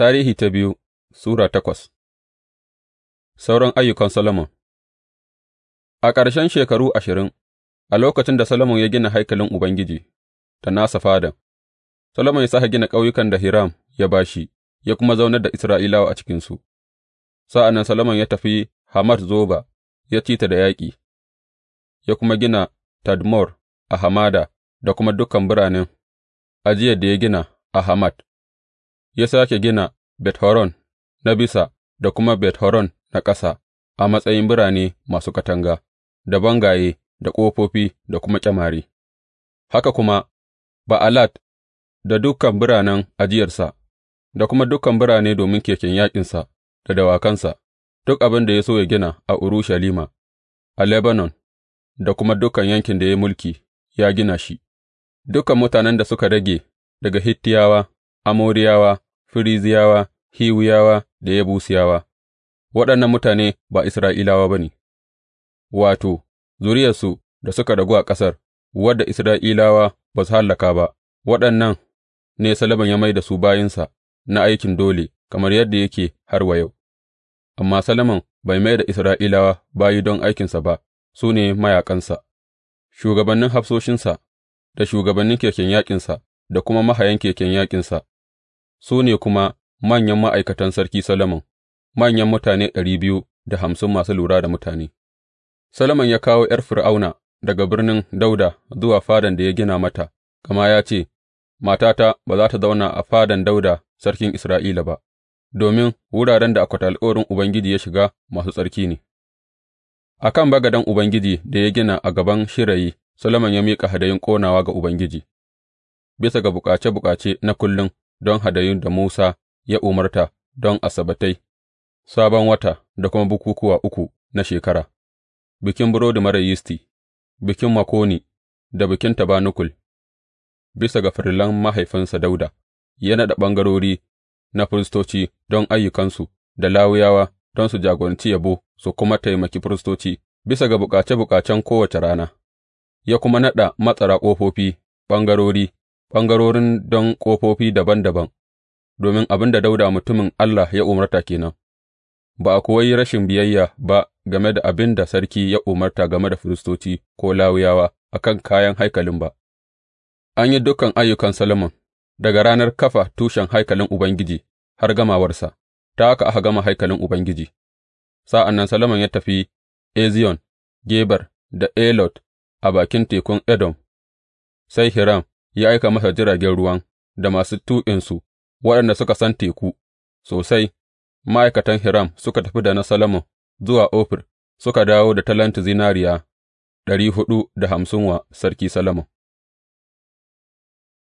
Tarihi ta biyu Sura takwas Sauran ayyukan Solomon A ƙarshen shekaru ashirin, a lokacin da Solomon ya gina haikalin Ubangiji da nasa fadan, Solomon ya sa gina ƙauyukan da Hiram ya ba shi, ya kuma zaunar da Isra'ilawa a cikinsu. Sa'an nan Solomon ya tafi Hamat Zoba, ya ci ta da yaƙi, ya kuma gina Tadmor a hamada da kuma dukan biranen ajiyar da ya gina a Hamad. ya sāke gina Bet Horon na Bisa da kuma Bet Horon na Ƙasa a matsayin birane masu katanga, da bangaye, da ƙofofi, da kuma ƙyamare, haka kuma Ba'alat da dukan biranen ajiyarsa, da kuma dukan birane domin keken yaƙinsa da dawakansa, duk abin da ya so ya gina a Urushalima, a Lebanon, da kuma dukan yankin da ya mulki, ya gina shi, dukan mutanen da suka rage daga Hittiyawa Amoriyawa, Ferizziyawa, Hiwiyawa da Yebusiyawa, waɗannan mutane ba Isra'ilawa ba ne, wato, zuriyarsu da suka ragu a ƙasar, wadda Isra'ilawa ba su hallaka ba, waɗannan ne Solomon ya mai da su bayinsa na aikin dole, kamar yadda yake har wa yau, amma Solomon bai mai da Isra'ilawa bayi don aikinsa ba, su ne mayaƙansa, shugabannin hafsoshinsa, da shugabannin keken yaƙinsa, da kuma mahayan keken yaƙinsa. su ne kuma manyan ma'aikatan Sarki Solomon, manyan mutane ɗari biyu da hamsin masu lura da mutane. Solomon ya kawo ’yar Fir'auna daga birnin Dauda zuwa fadan da ya gina mata, gama ya ce, Matata ba za ta zauna a fadan Dauda sarkin Isra'ila ba, domin wuraren da akwatin alkawarin Ubangiji ya shiga masu tsarki ne. A kan bagadan Ubangiji da ya gina a gaban shirayi, Solomon ya miƙa hadayun ƙonawa ga Ubangiji, bisa ga bukace bukace na kullum don hadayun da Musa ya umarta don Asabbatai, Sabon Wata da kuma bukukuwa uku na shekara, bikin burodi marar yisti, bikin Makoni da bikin tabanukul, bisa ga farilan mahaifinsa Dauda, ya naɗa ɓangarori na firistoci don ayyukansu da lawuyawa don su jagoranci yabo su kuma taimaki firistoci bisa ga bukace bukacen kowace rana, ya kuma naɗa matsara ƙofofi, ɓangarori ɓangarorin don ƙofofi daban daban, domin abin da Dauda mutumin Allah ya umarta ke nan, ba a kuwa yi rashin biyayya ba game da abin da sarki ya umarta game da firistoci ko Lawiyawa a kan kayan haikalin ba. An yi dukan ayyukan Solomon daga ranar kafa tushen haikalin Ubangiji har gamawarsa, ta haka aka gama haikalin Ubangiji. Sa'an nan Solomon ya tafi Eziyon, Geber da Elot a bakin tekun Edom, sai Hiram ya aika masa jiragen ruwan da masu tuƙinsu waɗanda suka san teku sosai, ma'aikatan Hiram suka tafi da na Solomon zuwa Ofir suka dawo da talentin zinariya ɗari huɗu da hamsin wa Sarki Solomon.